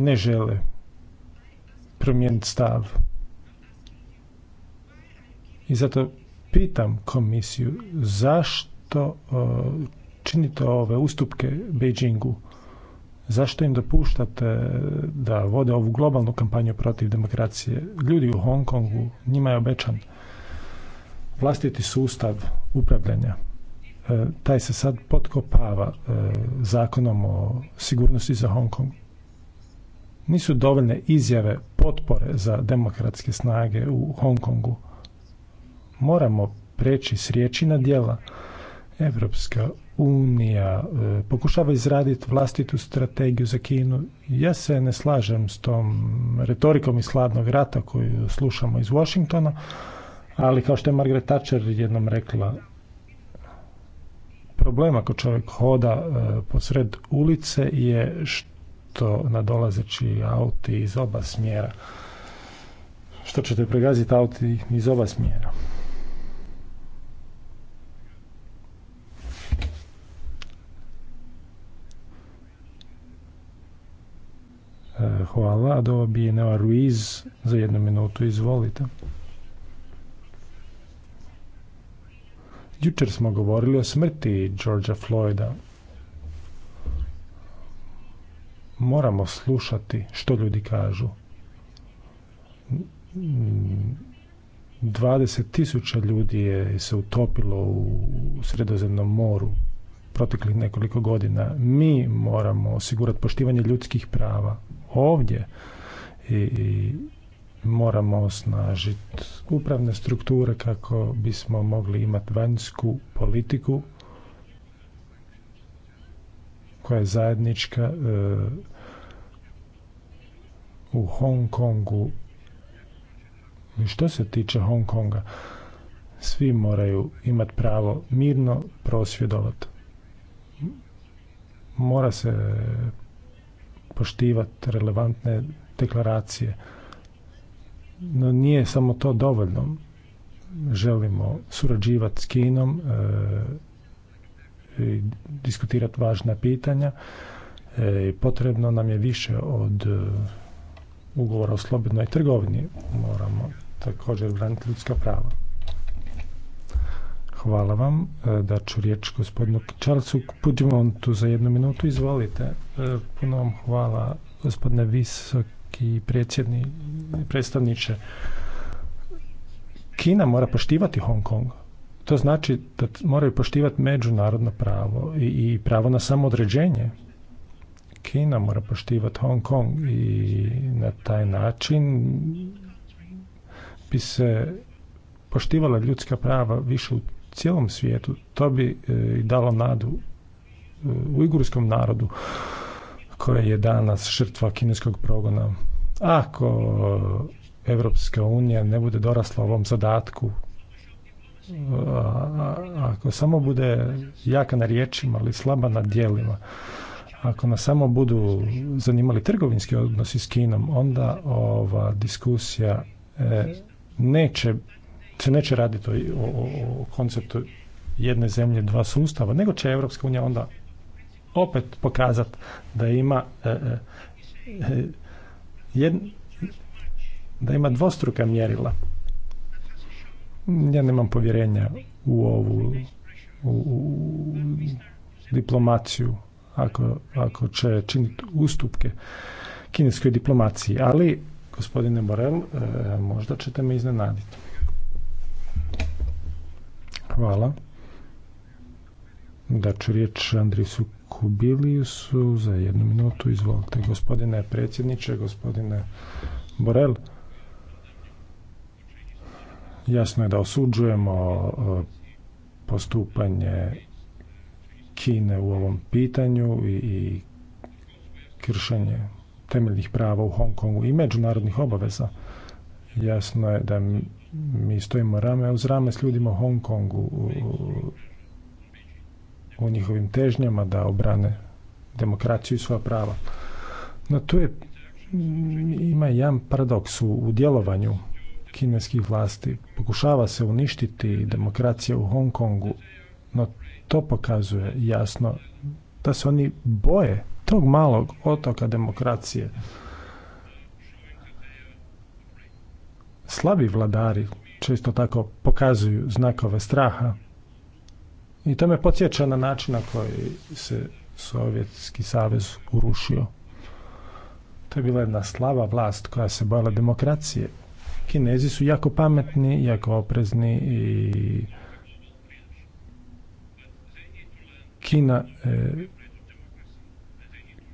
ne žele promijeniti stav. I zato pitam komisiju zašto e, činite ove ustupke Beijingu? Zašto im dopuštate da vode ovu globalnu kampanju protiv demokracije? Ljudi u Hongkongu njima je obećan vlastiti sustav upravljanja. E, taj se sad potkopava e, zakonom o sigurnosti za Hongkong nisu dovoljne izjave potpore za demokratske snage u Hong Kongu. Moramo preći s riječi na djela. Evropska unija e, pokušava izraditi vlastitu strategiju za Kinu. Ja se ne slažem s tom retorikom iz hladnog rata koju slušamo iz Washingtona, ali kao što je Margaret Thatcher jednom rekla, problem ako čovjek hoda e, posred ulice je što to nadolazeći auti iz oba smjera. Što ćete pregaziti auti iz oba smjera? E, hvala. bi Neva Ruiz za jednu minutu. Izvolite. Jučer smo govorili o smrti Georgia Floyda. moramo slušati što ljudi kažu. 20.000 ljudi je se utopilo u Sredozemnom moru proteklih nekoliko godina. Mi moramo osigurati poštivanje ljudskih prava ovdje i, moramo osnažiti upravne strukture kako bismo mogli imati vanjsku politiku koja je zajednička e, u Hong Kongu. Što se tiče Hong Konga, svi moraju imati pravo mirno prosvjedovati. Mora se poštivati relevantne deklaracije. No nije samo to dovoljno. Želimo surađivati s Kinom, e, diskutirati važna pitanja. E, potrebno nam je više od e, ugovora o slobodnoj trgovini. Moramo također braniti ljudska prava. Hvala vam. E, da ću riječ gospodinu Pudimontu za jednu minutu. Izvolite. E, puno vam hvala gospodine visoki predsjedni predstavniče. Kina mora poštivati Hong Kong to znači da moraju poštivati međunarodno pravo i, pravo na samodređenje. Kina mora poštivati Hong Kong i na taj način bi se poštivala ljudska prava više u cijelom svijetu. To bi e, i dalo nadu e, u igurskom narodu koji je danas žrtva kineskog progona. Ako Evropska unija ne bude dorasla ovom zadatku ako samo bude jaka na riječima ali slaba na dijelima, ako nas samo budu zanimali trgovinski odnosi s Kinom, onda ova diskusija e, neće, se neće raditi o, konceptu jedne zemlje, dva sustava, nego će Europska unija onda opet pokazati da ima e, e, da ima dvostruka mjerila ja nemam povjerenja u ovu u, diplomaciju ako, ako će činiti ustupke kineskoj diplomaciji. Ali, gospodine Borel, e, možda ćete me iznenaditi. Hvala. Da ću riječ Andrisu Kubiliusu za jednu minutu. Izvolite, gospodine predsjedniče, gospodine Borel. Jasno je da osuđujemo e, postupanje Kine u ovom pitanju i kršenje temeljnih prava u Hong Kongu i međunarodnih obaveza. Jasno je da mi stojimo rame uz rame s ljudima u Hong Kongu u njihovim težnjama da obrane demokraciju i svoja prava. No tu je, ima jedan paradoks u djelovanju kineskih vlasti. Pokušava se uništiti demokracija u Hong Kongu, no to pokazuje jasno da se oni boje tog malog otoka demokracije. Slabi vladari često tako pokazuju znakove straha i to me podsjeća na način na koji se Sovjetski savez urušio. To je bila jedna slaba vlast koja se bojala demokracije. Kinezi su jako pametni, jako oprezni i Kina e,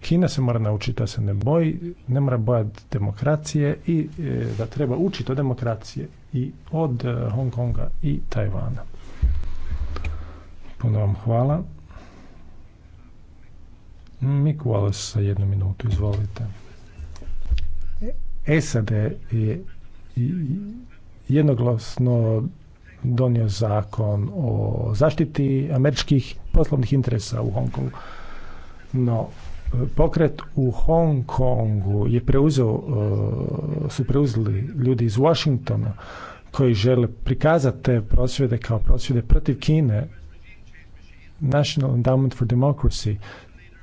Kina se mora naučiti da se ne boji, ne mora bojati demokracije i e, da treba učiti od demokracije i od e, Hong Konga i Tajvana. Puno vam hvala. Mick sa jednu minutu, izvolite. E, SAD je jednoglasno donio zakon o zaštiti američkih poslovnih interesa u Hong Kongu. No, pokret u Hong Kongu je preuzeo, e, su preuzeli ljudi iz Washingtona koji žele prikazati te prosvjede kao prosvjede protiv Kine. National Endowment for Democracy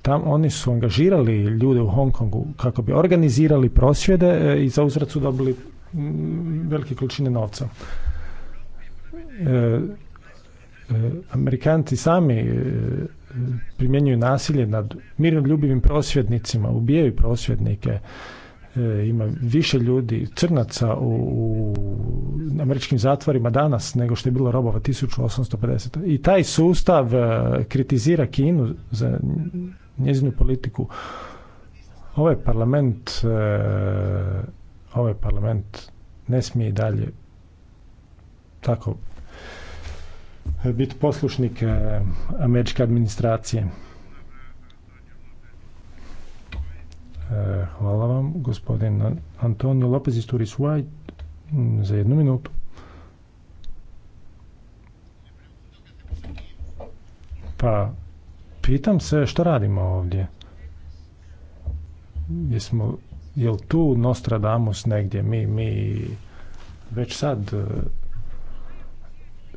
tam oni su angažirali ljude u Hong Kongu kako bi organizirali prosvjede e, i za uzvrat su dobili Mm, velike količine novca. E, e, Amerikanci sami e, primjenjuju nasilje nad miroljubivim prosvjednicima, ubijaju prosvjednike, ima više ljudi, crnaca u, američkim zatvorima danas nego što je bilo robova 1850. I taj sustav kritizira Kinu za njezinu politiku. Ovaj parlament e, ovaj parlament ne smije i dalje tako biti poslušnik eh, američke administracije. Eh, hvala vam, gospodin Antonio Lopez iz Turis White, mm, za jednu minutu. Pa, pitam se što radimo ovdje. Jesmo jel tu Nostradamus negdje mi mi već sad e,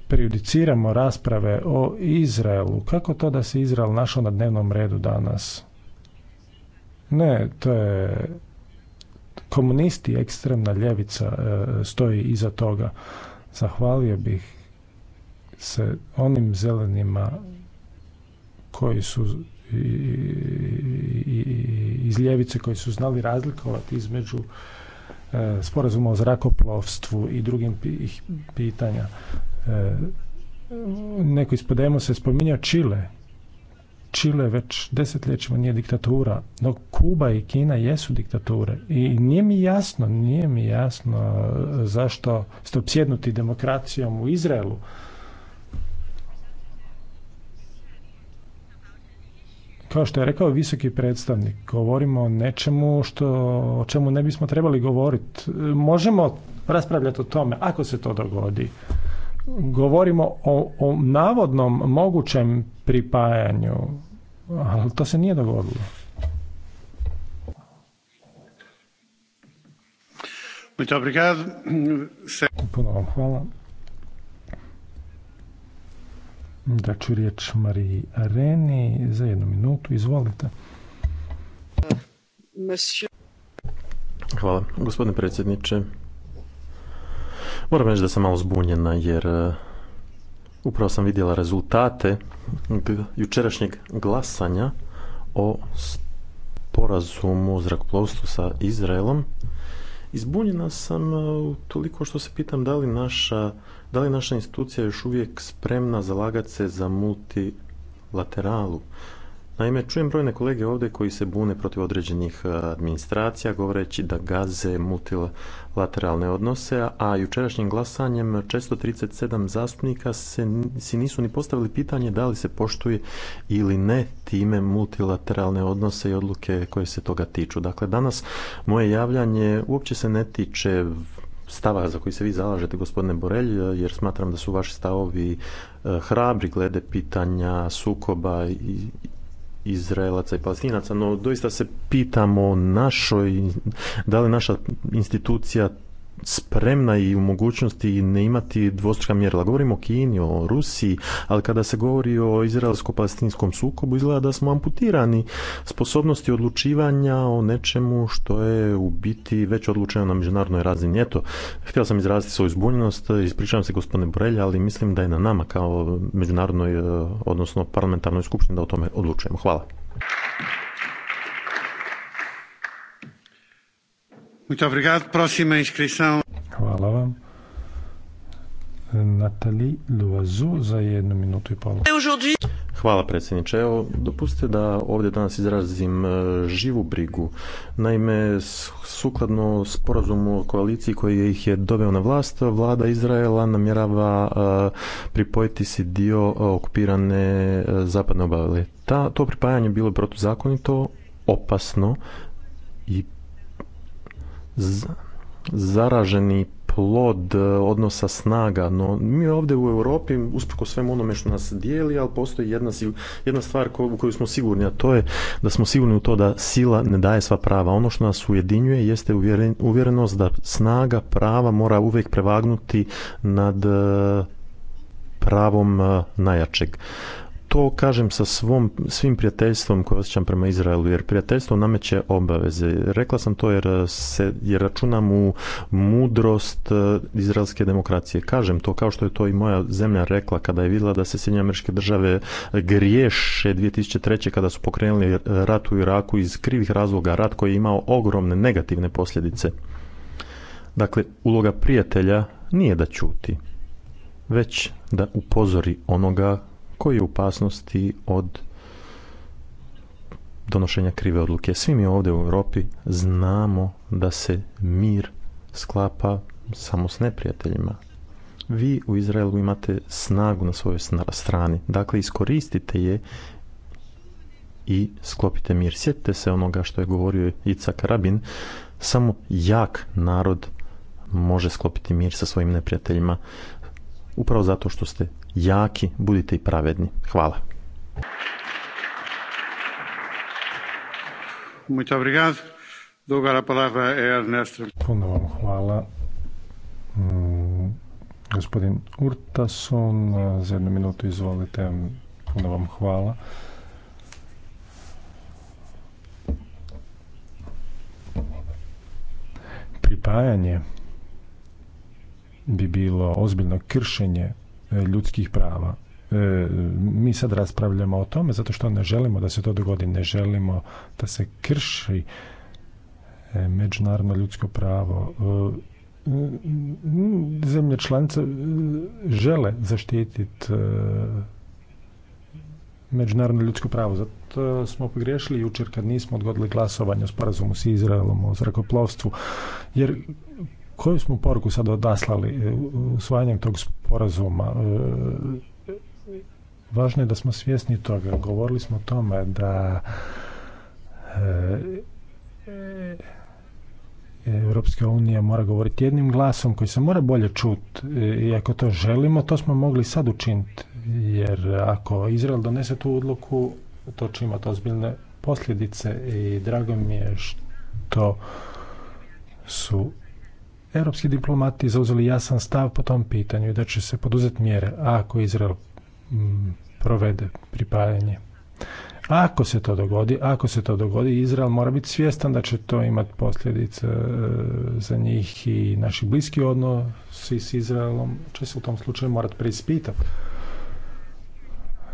prejudiciramo rasprave o Izraelu. Kako to da se Izrael našao na dnevnom redu danas? Ne, to je komunisti, ekstremna ljevica e, stoji iza toga. Zahvalio bih se onim zelenima koji su iz ljevice koji su znali razlikovati između e, sporazuma o zrakoplovstvu i drugim pitanja. E, neko ispod se spominjao Čile. Čile već desetljećima nije diktatura, no Kuba i Kina jesu diktature. I nije mi jasno, nije mi jasno zašto ste obsjednuti demokracijom u Izraelu. Kao što je rekao visoki predstavnik, govorimo o nečemu što, o čemu ne bismo trebali govoriti. E, možemo raspravljati o tome, ako se to dogodi. Govorimo o, navodnom mogućem pripajanju, ali to se nije dogodilo. Puno hvala da ću riječ Mariji Areni za jednu minutu. Izvolite. Hvala. Gospodine predsjedniče, moram reći da sam malo zbunjena jer e, upravo sam vidjela rezultate jučerašnjeg glasanja o porazumu o zrakoplovstvu sa Izraelom. Izbunjena sam e, toliko što se pitam da li naša da li naša institucija još uvijek spremna zalagati se za multilateralu? Naime, čujem brojne kolege ovdje koji se bune protiv određenih e, administracija, govoreći da gaze multilateralne odnose, a jučerašnjim glasanjem 437 zastupnika se, si nisu ni postavili pitanje da li se poštuje ili ne time multilateralne odnose i odluke koje se toga tiču. Dakle, danas moje javljanje uopće se ne tiče stava za koji se vi zalažete, gospodine Borelj, jer smatram da su vaši stavovi e, hrabri glede pitanja sukoba i Izraelaca i Palestinaca, no doista se pitamo našoj, da li naša institucija spremna i u mogućnosti ne imati dvostruka mjerila. Govorimo o Kini, o Rusiji, ali kada se govori o izraelsko-palestinskom sukobu, izgleda da smo amputirani sposobnosti odlučivanja o nečemu što je u biti već odlučeno na međunarodnoj razini. Eto, htio sam izraziti svoju zbunjenost, ispričavam se gospodine Borelja, ali mislim da je na nama kao međunarodnoj, odnosno parlamentarnoj skupštini da o tome odlučujemo. Hvala. Muito obrigado. Próxima inscrição. Hvala vam. za i Hvala predsjedniče. Evo, dopustite da ovdje danas izrazim e, živu brigu. Naime, sukladno sporazumu o koaliciji koji ih je doveo na vlast, vlada Izraela namjerava e, pripojiti si dio e, okupirane zapadne obale. Ta, to pripajanje bilo je protuzakonito, opasno, zaraženi plod e, odnosa snaga, no mi ovdje u Europi, usprkos svemu onome što nas dijeli, ali postoji jedna, jedna stvar u koju smo sigurni, a to je da smo sigurni u to da sila ne daje sva prava. Ono što nas ujedinjuje jeste uvjerenost da snaga prava mora uvijek prevagnuti nad e, pravom e, najjačeg to kažem sa svom, svim prijateljstvom koje osjećam prema Izraelu, jer prijateljstvo nameće obaveze. Rekla sam to jer, eh, se, jer računam u mudrost eh, izraelske demokracije. Kažem to kao što je to i moja zemlja rekla kada je vidjela da se SAD američke države griješe 2003. kada su pokrenuli rat u Iraku iz krivih razloga, rat koji je imao ogromne negativne posljedice. Dakle, uloga prijatelja nije da čuti, već da upozori onoga koji je u opasnosti od donošenja krive odluke. Svi mi ovdje u Europi znamo da se mir sklapa samo s neprijateljima. Vi u Izraelu imate snagu na svojoj strani. Dakle, iskoristite je i sklopite mir. Sjetite se onoga što je govorio Icak Rabin. Samo jak narod može sklopiti mir sa svojim neprijateljima upravo zato što ste jaki, budite i pravedni. Hvala. Muito obrigado. Dou a palavra a Ernesto. Puno vam hvala. Mm, gospodin Urtason, za jednu minutu izvolite. Puno vam hvala. Pripajanje bi bilo ozbiljno kršenje e, ljudskih prava. E, mi sad raspravljamo o tome zato što ne želimo da se to dogodi, ne želimo da se krši e, međunarodno ljudsko pravo. Zemlje članice žele zaštititi međunarodno ljudsko pravo. Zato smo pogriješili jučer kad nismo odgodili glasovanje o sporazumu s Izraelom o zrakoplovstvu. Jer koju smo poruku sad odaslali e, usvajanjem tog sporazuma? E, važno je da smo svjesni toga. Govorili smo o tome da e, Europska unija mora govoriti jednim glasom koji se mora bolje čuti i ako to želimo, to smo mogli sad učiniti. Jer ako Izrael donese tu odluku, to će imati ozbiljne posljedice i drago mi je što su europski diplomati zauzeli jasan stav po tom pitanju i da će se poduzeti mjere ako Izrael mm, provede pripajanje. Ako se to dogodi, ako se to dogodi, Izrael mora biti svjestan da će to imati posljedice e, za njih i naši bliski odnosi s Izraelom će se u tom slučaju morati preispitati.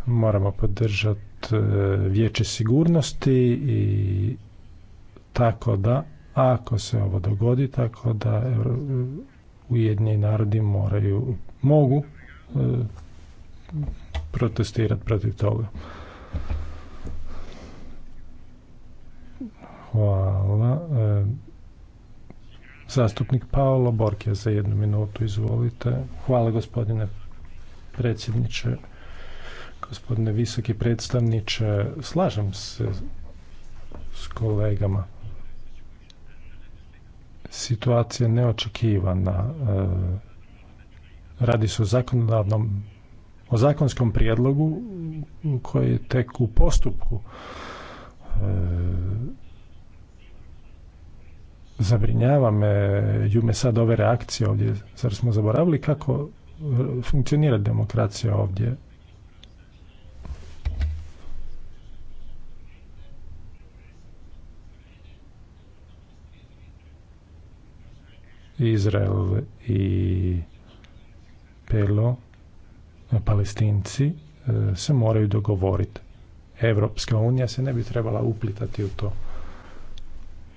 Moramo podržati e, vijeće sigurnosti i tako da ako se ovo dogodi, tako da ujedni narodi moraju, mogu e, protestirati protiv toga. Hvala. E, zastupnik Paolo Borkija za jednu minutu, izvolite. Hvala gospodine predsjedniče, gospodine visoki predstavniče. Slažem se s kolegama situacija neočekivana. E, radi se o zakonodavnom o zakonskom prijedlogu koji je tek u postupku. E, zabrinjava me ju me sad ove reakcije ovdje, zar smo zaboravili kako e, funkcionira demokracija ovdje Izrael i Pelo, palestinci, e, se moraju dogovoriti. Evropska unija se ne bi trebala uplitati u to.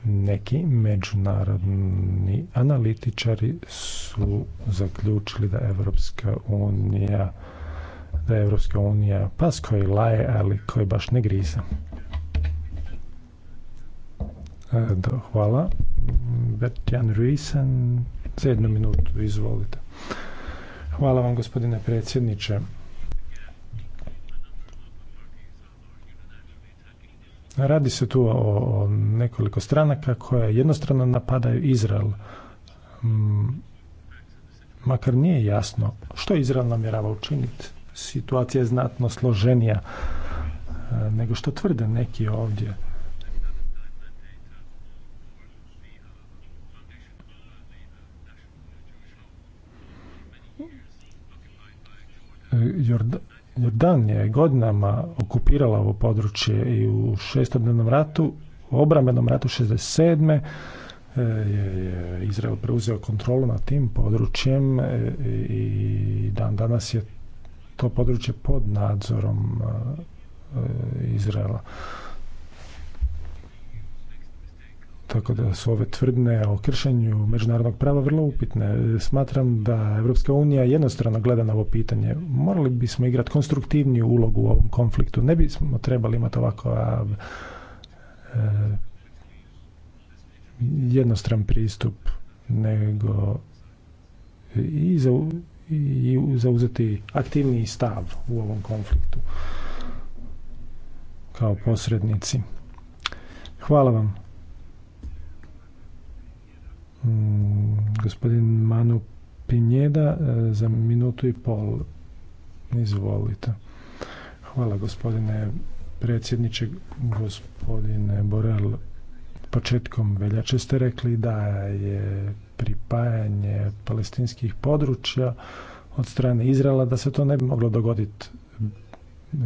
Neki međunarodni analitičari su zaključili da Evropska unija da je Evropska unija pas koji laje, ali koji baš ne griza. E, hvala. Bertjan Ruisen. Za jednu minutu, izvolite. Hvala vam, gospodine predsjedniče. Radi se tu o, nekoliko stranaka koje jednostrano napadaju Izrael. Mm, makar nije jasno što Izrael namjerava učiniti. Situacija je znatno složenija e, nego što tvrde neki ovdje. Jordan je godinama okupirala ovo područje i u šestodnevnom ratu, u obrambenom ratu 67. E, je Izrael preuzeo kontrolu nad tim područjem e, i dan danas je to područje pod nadzorom e, Izraela. Tako da su ove tvrdne o kršenju međunarodnog prava vrlo upitne. Smatram da Evropska unija jednostrano gleda na ovo pitanje. Morali bismo igrati konstruktivniju ulogu u ovom konfliktu. Ne bismo trebali imati ovako e, jednostran pristup, nego i, za, i zauzeti aktivniji stav u ovom konfliktu kao posrednici. Hvala vam. Mm, gospodin Manu Pinjeda e, za minutu i pol. Izvolite. Hvala gospodine predsjedniče, gospodine Borel. Početkom veljače ste rekli da je pripajanje palestinskih područja od strane Izraela da se to ne bi moglo dogoditi e,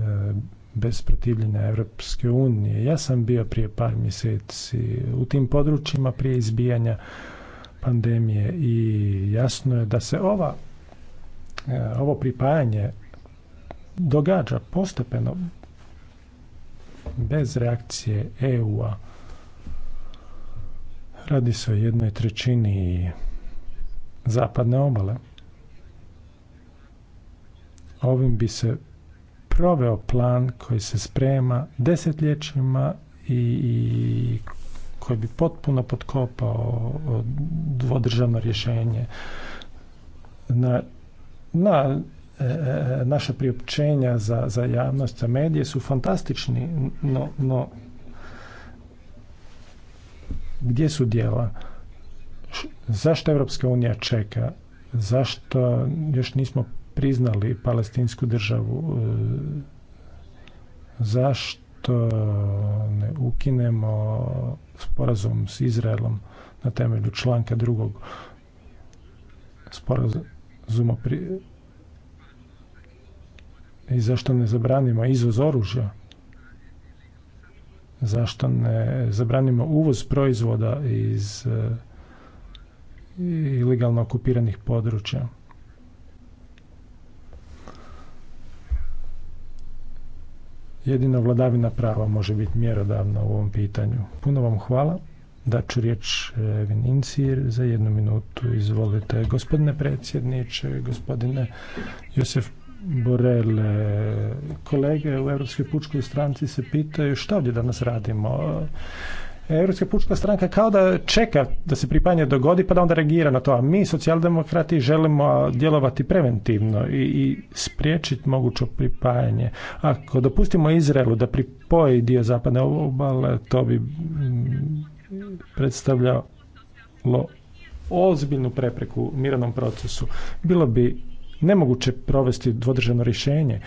bez protivljenja Europske unije. Ja sam bio prije par mjeseci u tim područjima prije izbijanja pandemije i jasno je da se ova, e, ovo pripajanje događa postepeno bez reakcije EU-a. Radi se o jednoj trećini zapadne obale. Ovim bi se proveo plan koji se sprema desetljećima i koji bi potpuno potkopao dvodržavno rješenje na, na e, e, naša priopćenja za, za javnost, za medije su fantastični, no, no gdje su djela? Zašto Europska unija čeka? Zašto još nismo priznali palestinsku državu? E, zašto ne ukinemo sporazum s Izraelom na temelju članka drugog sporazuma i zašto ne zabranimo izvoz oružja? Zašto ne zabranimo uvoz proizvoda iz e, ilegalno okupiranih područja? Jedino vladavina prava može biti mjerodavna u ovom pitanju. Puno vam hvala. Daću ću riječ e, za jednu minutu. Izvolite. Gospodine predsjedniče, gospodine Josef Borel, e, kolege u Europskoj pučkoj stranci se pitaju šta ovdje danas radimo. Europska pučka stranka kao da čeka da se pripajanje dogodi pa da onda reagira na to, a mi socijaldemokrati želimo djelovati preventivno i, i spriječiti moguće pripajanje. Ako dopustimo Izraelu da pripoji dio zapadne obale, to bi mm, predstavljalo ozbiljnu prepreku miranom procesu. Bilo bi nemoguće provesti dvodržavno rješenje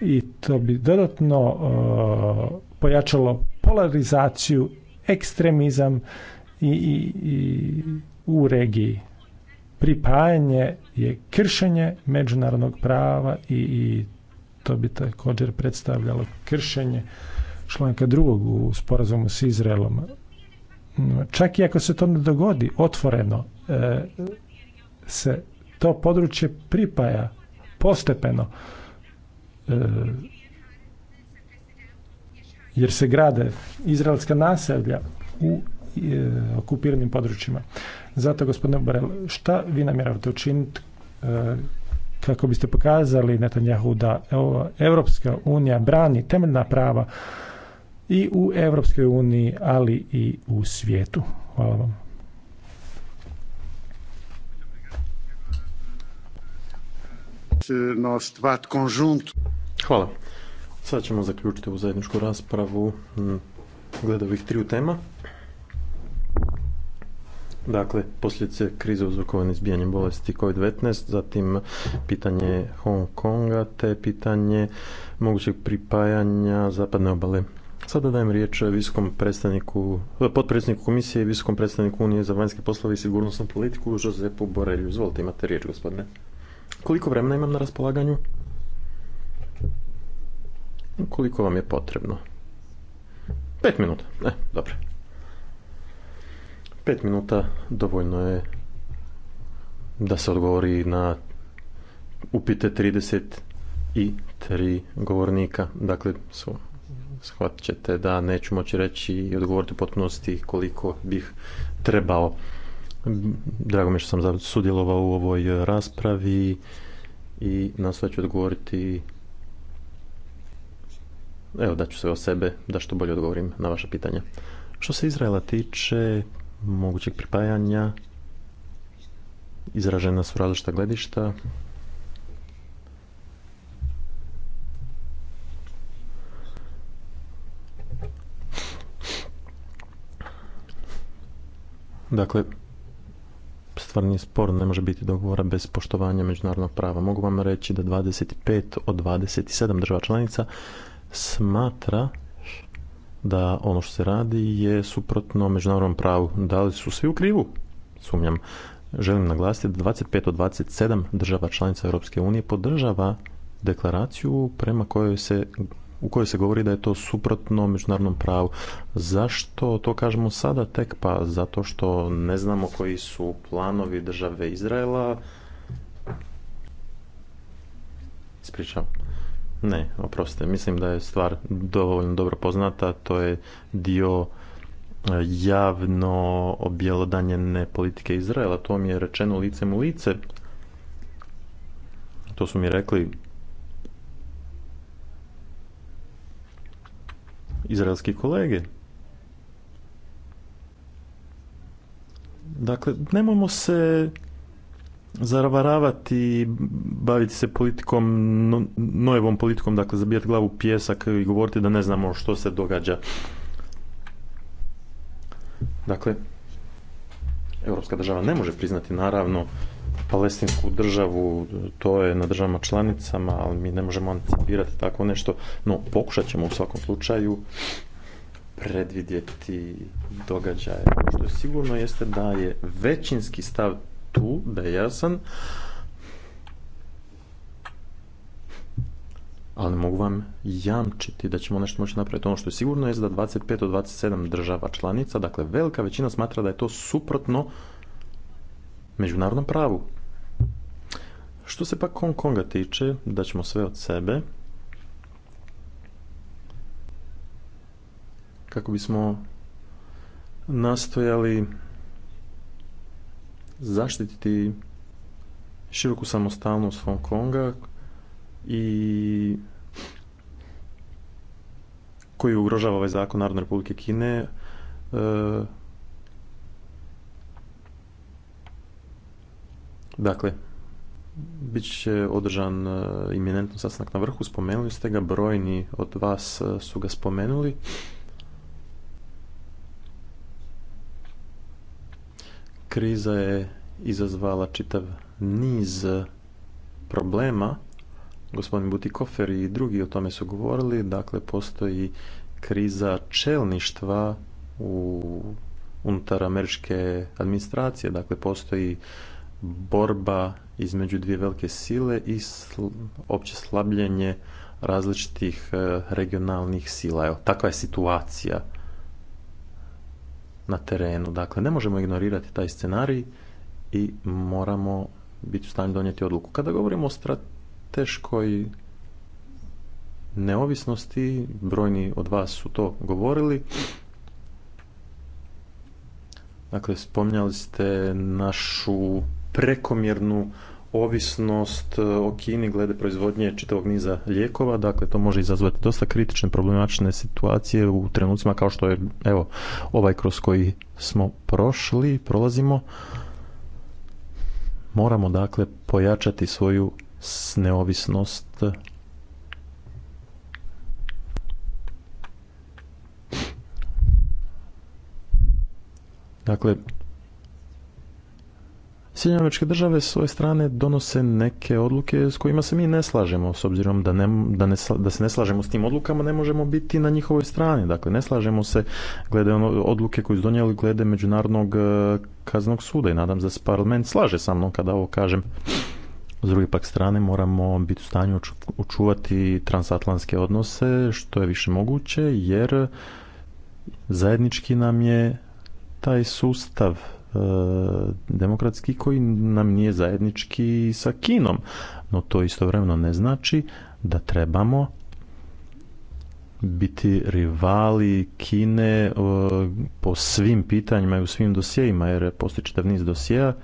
i to bi dodatno pojačalo polarizaciju ekstremizam i, i, i u regiji. Pripajanje je kršenje međunarodnog prava i, i to bi također predstavljalo kršenje članka drugog u sporazumu s Izraelom. Čak i ako se to ne dogodi otvoreno, e, se to područje pripaja postepeno. E, jer se grade izraelska naselja u e, okupiranim područjima. Zato, gospodine Borel, šta vi namjeravate učiniti e, kako biste pokazali Netanjahu da Europska unija brani temeljna prava i u Europskoj uniji, ali i u svijetu. Hvala vam. Hvala. Sad ćemo zaključiti ovu zajedničku raspravu glede ovih triju tema. Dakle, posljedice krize uzrokovane izbijanjem bolesti COVID-19, zatim pitanje Hong Konga, te pitanje mogućeg pripajanja zapadne obale. Sada dajem riječ visokom predstavniku, potpredsjedniku komisije i visokom predstavniku Unije za vanjske poslove i sigurnosnu politiku, Josepu Borelju. Izvolite, imate riječ, gospodine. Koliko vremena imam na raspolaganju? Koliko vam je potrebno? Pet minuta. Ne, dobro. Pet minuta dovoljno je da se odgovori na upite i tri govornika. Dakle, su, shvatit ćete da neću moći reći i odgovoriti u potpunosti koliko bih trebao. Drago mi je što sam sudjelovao u ovoj raspravi i nastojat ću odgovoriti Evo ću sve o sebe da što bolje odgovorim na vaše pitanje. Što se Izraela tiče mogućeg pripajanja, izražena su različita gledišta. Dakle, stvarni spor ne može biti dogovora bez poštovanja međunarodnog prava. Mogu vam reći da 25 od 27 država članica smatra da ono što se radi je suprotno međunarodnom pravu. Da li su svi u krivu? Sumnjam. Želim naglasiti da 25 od 27 država članica Europske unije podržava deklaraciju prema kojoj se u kojoj se govori da je to suprotno međunarodnom pravu. Zašto to kažemo sada tek? Pa zato što ne znamo koji su planovi države Izraela. Ispričavam. Ne, oprostite, mislim da je stvar dovoljno dobro poznata, to je dio e, javno objelodanjene politike Izraela, to mi je rečeno licem u lice. To su mi rekli izraelski kolege. Dakle, nemojmo se zaravaravati, baviti se politikom, no, nojevom politikom, dakle zabijati glavu u pijesak i govoriti da ne znamo što se događa. Dakle, Europska država ne može priznati naravno palestinsku državu, to je na državama članicama, ali mi ne možemo anticipirati tako nešto, no pokušat ćemo u svakom slučaju predvidjeti događaje. Ono što je sigurno jeste da je većinski stav tu, da ja jasan. ali mogu vam jamčiti da ćemo nešto moći napraviti. Ono što je sigurno je da 25 od 27 država članica, dakle velika većina smatra da je to suprotno međunarodnom pravu. Što se pak Hong Konga tiče, da ćemo sve od sebe kako bismo nastojali zaštititi široku samostalnost Hong Konga i koji ugrožava ovaj zakon Narodne republike Kine e, dakle bit će održan e, iminentno sastanak na vrhu spomenuli ste ga, brojni od vas e, su ga spomenuli kriza je izazvala čitav niz problema. Gospodin Butikofer i drugi o tome su govorili. Dakle, postoji kriza čelništva u unutar američke administracije. Dakle, postoji borba između dvije velike sile i sl opće slabljenje različitih eh, regionalnih sila. Evo, takva je situacija na terenu. Dakle, ne možemo ignorirati taj scenarij i moramo biti u stanju donijeti odluku. Kada govorimo o strateškoj neovisnosti, brojni od vas su to govorili, dakle, spominjali ste našu prekomjernu ovisnost e, o Kini glede proizvodnje čitavog niza lijekova, dakle to može izazvati dosta kritične, problematične situacije u trenucima kao što je evo ovaj kroz koji smo prošli, prolazimo. Moramo dakle pojačati svoju neovisnost Dakle, Sjedinjene države s svoje strane donose neke odluke s kojima se mi ne slažemo, s obzirom da, ne, da, ne, da se ne slažemo s tim odlukama, ne možemo biti na njihovoj strani. Dakle, ne slažemo se glede ono, odluke koju su donijeli glede Međunarodnog e, kaznog suda i nadam se da se parlament slaže sa mnom kada ovo kažem. S druge pak strane moramo biti u stanju očuvati transatlantske odnose što je više moguće jer zajednički nam je taj sustav E, demokratski koji nam nije zajednički sa Kinom. No to istovremeno ne znači da trebamo biti rivali Kine e, po svim pitanjima i u svim dosjejima, jer postoji čitav niz dosija e,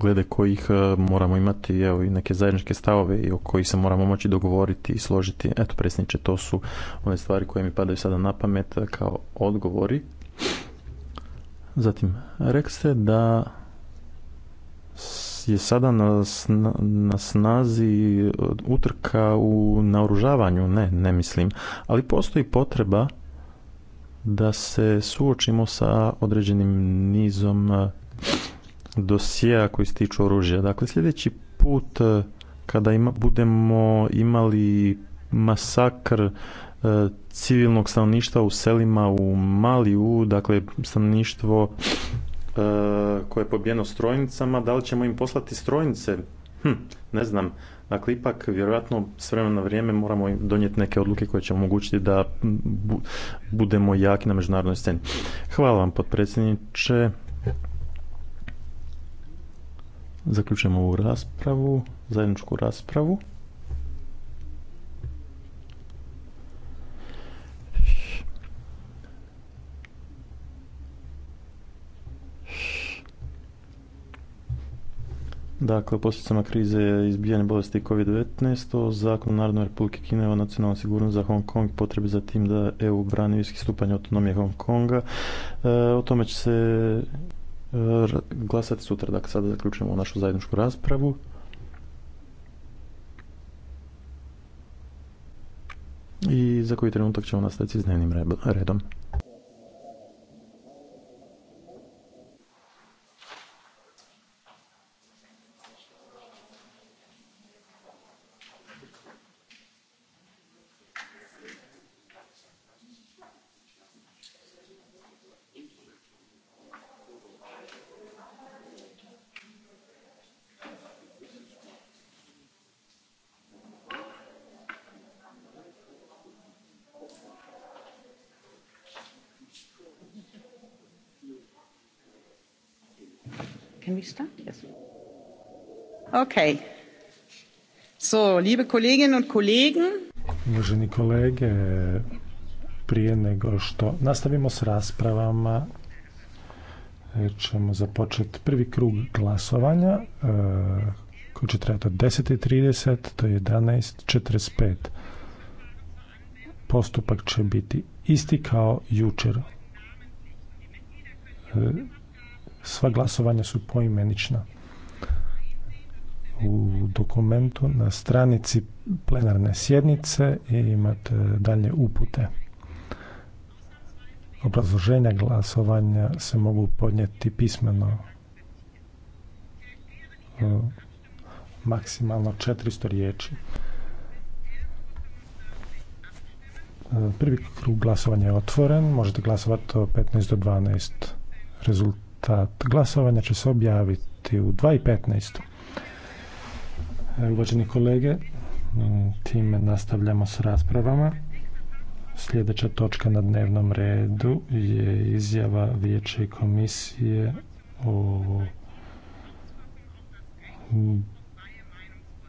glede kojih moramo imati evo, i neke zajedničke stavove i o kojih se moramo moći dogovoriti i složiti. Eto, presniče, to su one stvari koje mi padaju sada na pamet kao odgovori Zatim, rekli ste da je sada na, na snazi utrka u naoružavanju, ne, ne mislim, ali postoji potreba da se suočimo sa određenim nizom eh, dosija koji se tiču oružja. Dakle, sljedeći put eh, kada ima, budemo imali masakr E, civilnog stanovništva u selima u Maliju, dakle stanovništvo e, koje je pobijeno strojnicama, da li ćemo im poslati strojnice? Hm, ne znam. Dakle, ipak vjerojatno s vremena na vrijeme moramo donijeti neke odluke koje će omogućiti da budemo jaki na međunarodnoj sceni. Hvala vam, potpredsjedniče. Zaključujemo ovu raspravu, zajedničku raspravu. Dakle, posljedicama krize izbijanja bolesti COVID-19, o Narodne republike Kine o nacionalnoj sigurnosti za Hong Kong potrebe za tim da EU brani viski stupanj autonomije Hong Konga. E, o tome će se glasati sutra. Dakle, sada zaključujemo našu zajedničku raspravu. I za koji trenutak ćemo nastaviti s dnevnim redom. Okay. So, liebe Kolleginnen und Kollegen. Uvaženi kolege, prije nego što nastavimo s raspravama, e, ćemo započeti prvi krug glasovanja e, koji će trajati od 10.30 do 11.45. Postupak će biti isti kao jučer. E, sva glasovanja su poimenična u dokumentu na stranici plenarne sjednice i imate dalje upute. Obrazloženja glasovanja se mogu podnijeti pismeno e, maksimalno 400 riječi. E, prvi krug glasovanja je otvoren, možete glasovati o 15 do 12. Rezultat glasovanja će se objaviti u 2.15. Uvaženi kolege, time nastavljamo s raspravama. Sljedeća točka na dnevnom redu je izjava Vijeća komisije o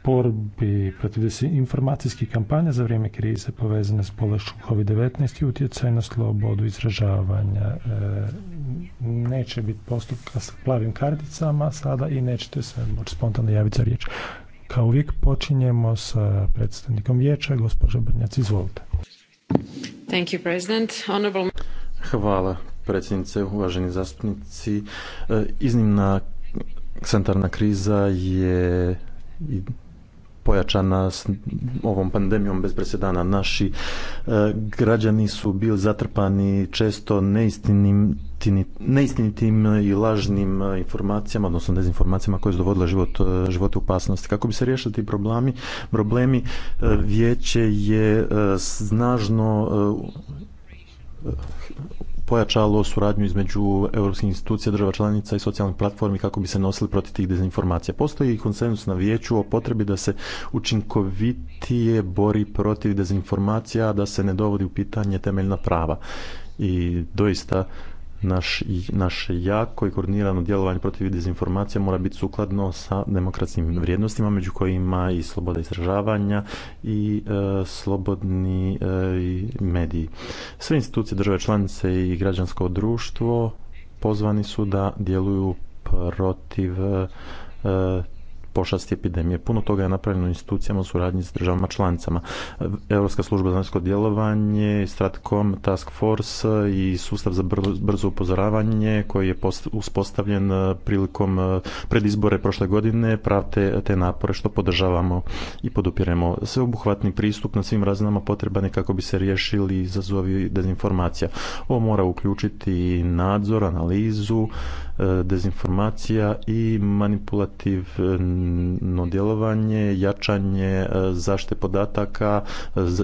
porbi protiv informacijskih kampanja za vrijeme krize povezane s bolešću COVID-19 i utjecaj na slobodu izražavanja. E, neće biti postupka s plavim karticama sada i nećete se moći spontano javiti za riječ. Kao uvijek počinjemo sa predstavnikom vijeća, gospođa Brnjac, izvolite. Thank you, Hvala, predsjednice, uvaženi zastupnici. E, iznimna sanitarna kriza je pojačana s ovom pandemijom bez presedana. Naši e, građani su bili zatrpani često neistinim neistinitim i lažnim e, informacijama, odnosno dezinformacijama koje su dovodile život, e, život opasnosti. Kako bi se riješili ti problemi, problemi vijeće je snažno pojačalo suradnju između europskih institucija, država članica i socijalnih platformi kako bi se nosili protiv tih dezinformacija. Postoji i konsenzus na vijeću o potrebi da se učinkovitije bori protiv dezinformacija, da se ne dovodi u pitanje temeljna prava. I doista naš, naše jako i koordinirano djelovanje protiv dezinformacija mora biti sukladno sa demokratskim vrijednostima među kojima i sloboda izražavanja i e, slobodni e, mediji. Sve institucije države članice i građansko društvo pozvani su da djeluju protiv e, pošasti epidemije. Puno toga je napravljeno institucijama u suradnji s državama članicama. Europska služba za vanjsko djelovanje, Stratcom, Task Force i sustav za brzo upozoravanje koji je uspostavljen e, prilikom e, predizbore prošle godine pravte te napore što podržavamo i podupiremo. Sveobuhvatni pristup na svim razinama potreban je kako bi se riješili izazovi dezinformacija. Ovo mora uključiti nadzor, analizu, e, dezinformacija i manipulativ djelovanje, jačanje e, zaštite podataka,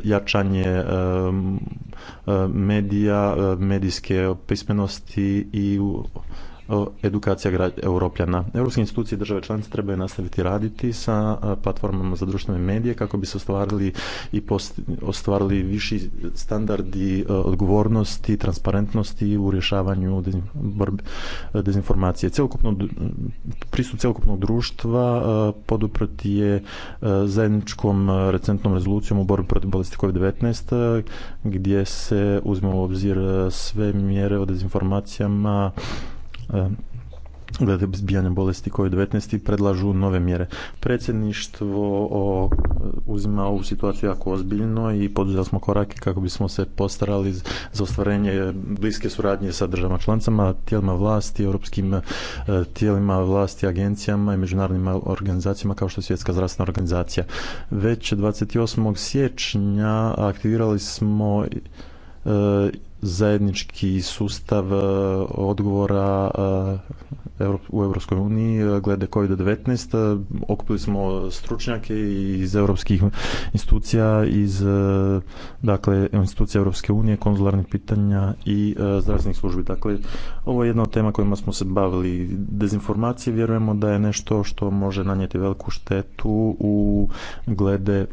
jačanje e, e, medija, medijske pismenosti i edukacija europljana. Europske institucije i države članice trebaju nastaviti raditi sa platformama za društvene medije kako bi se ostvarili i ostvarili viši standardi odgovornosti, transparentnosti u rješavanju dezinformacije. Cjelokupno, pristup cjelokupnog društva poduprti je zajedničkom recentnom rezolucijom u borbi protiv bolesti COVID-19 gdje se uzme u obzir sve mjere o dezinformacijama Ehm, glede zbijanja bolesti COVID-19 predlažu nove mjere. Predsjedništvo o, uzima ovu situaciju jako ozbiljno i poduzeli smo korake kako bismo se postarali za ostvarenje bliske suradnje sa državama člancama, tijelima vlasti, europskim e, tijelima vlasti, agencijama i međunarodnim organizacijama kao što je Svjetska zdravstvena organizacija. Već 28. siječnja aktivirali smo e, zajednički sustav e, odgovora e, u Europskoj uniji e, glede COVID-19. Okupili smo stručnjake iz europskih institucija, iz dakle, institucija Europske unije, konzularnih pitanja i zdravstvenih službi. Dakle, ovo je jedna od tema kojima smo se bavili. Dezinformacije vjerujemo da je nešto što može nanijeti veliku štetu u glede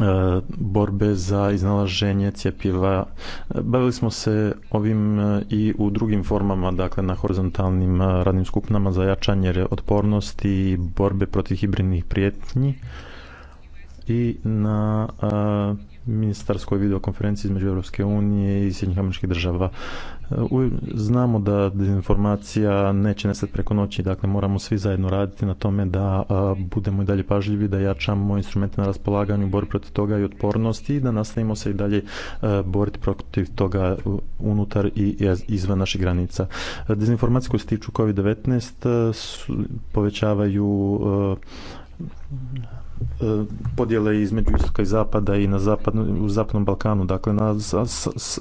E, borbe za iznalaženje cjepiva. Bavili smo se ovim e, i u drugim formama, dakle na horizontalnim e, radnim skupinama za jačanje otpornosti i borbe protiv hibridnih prijetnji i na ministarskoj videokonferenciji između Europske unije i Sjednjih američkih država. E, znamo da dezinformacija neće nestati preko noći, dakle moramo svi zajedno raditi na tome da e, budemo i dalje pažljivi, da jačamo instrumente na raspolaganju, borbi protiv toga i otpornosti i da nastavimo se i dalje e, boriti protiv toga unutar i izvan naših granica. Dezinformacije koje se tiču COVID-19 povećavaju E, podjele između istoka i zapada i na zapadno, u zapadnom Balkanu. Dakle, na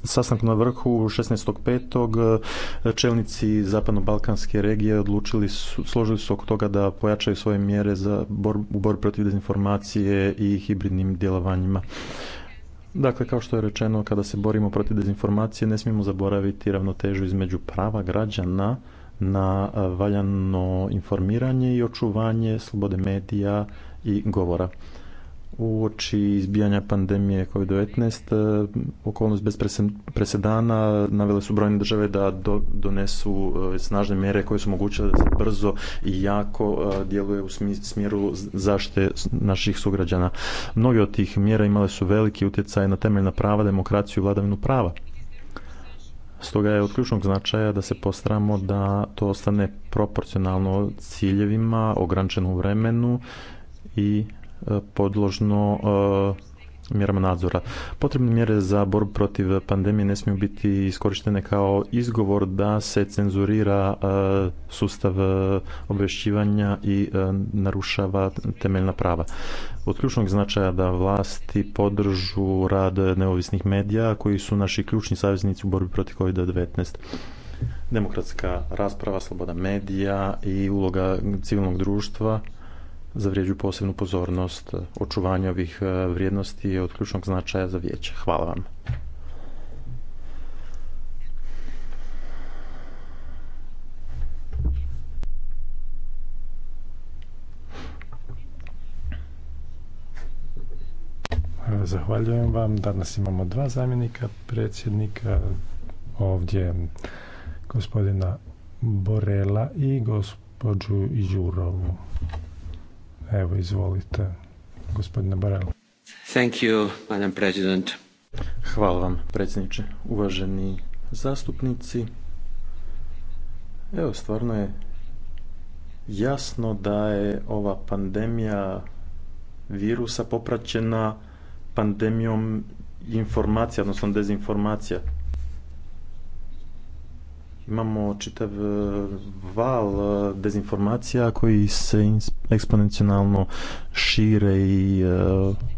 sastanku na vrhu 16.5. E, čelnici zapadno-balkanske regije odlučili su, složili su oko toga da pojačaju svoje mjere za bor, u protiv dezinformacije i hibridnim djelovanjima. Dakle, kao što je rečeno, kada se borimo protiv dezinformacije, ne smijemo zaboraviti ravnotežu između prava građana na e, valjano informiranje i očuvanje slobode medija i govora. Uoči izbijanja pandemije COVID-19 e, okolnost bez presedana navele su brojne države da donesu e, snažne mjere koje su omogućile da se brzo i jako e, djeluje u smjeru zaštite naših sugrađana. Mnoge od tih mjera imale su veliki utjecaj na temeljna prava, demokraciju i vladavinu prava. Stoga je od ključnog značaja da se postramo da to ostane proporcionalno ciljevima, ograničenom vremenu i e, podložno e, mjerama nadzora. Potrebne mjere za borbu protiv pandemije ne smiju biti iskorištene kao izgovor da se cenzurira e, sustav obvešćivanja i narušava temeljna prava. Od ključnog značaja da vlasti podržu rad neovisnih medija koji su naši ključni saveznici u borbi protiv COVID-19 demokratska rasprava, sloboda medija i uloga civilnog društva zavrijeđuju posebnu pozornost e, očuvanju ovih e, vrijednosti je od ključnog značaja za vijeće. Hvala vam. Zahvaljujem vam. Danas imamo dva zamjenika predsjednika. Ovdje gospodina Borela i gospođu Đurovu. Evo, izvolite, gospodine Barel. Thank you, madam president. Hvala vam, predsjedniče. Uvaženi zastupnici, evo, stvarno je jasno da je ova pandemija virusa popraćena pandemijom informacija, odnosno dezinformacija imamo čitav e, val e, dezinformacija koji se eksponencionalno šire i e,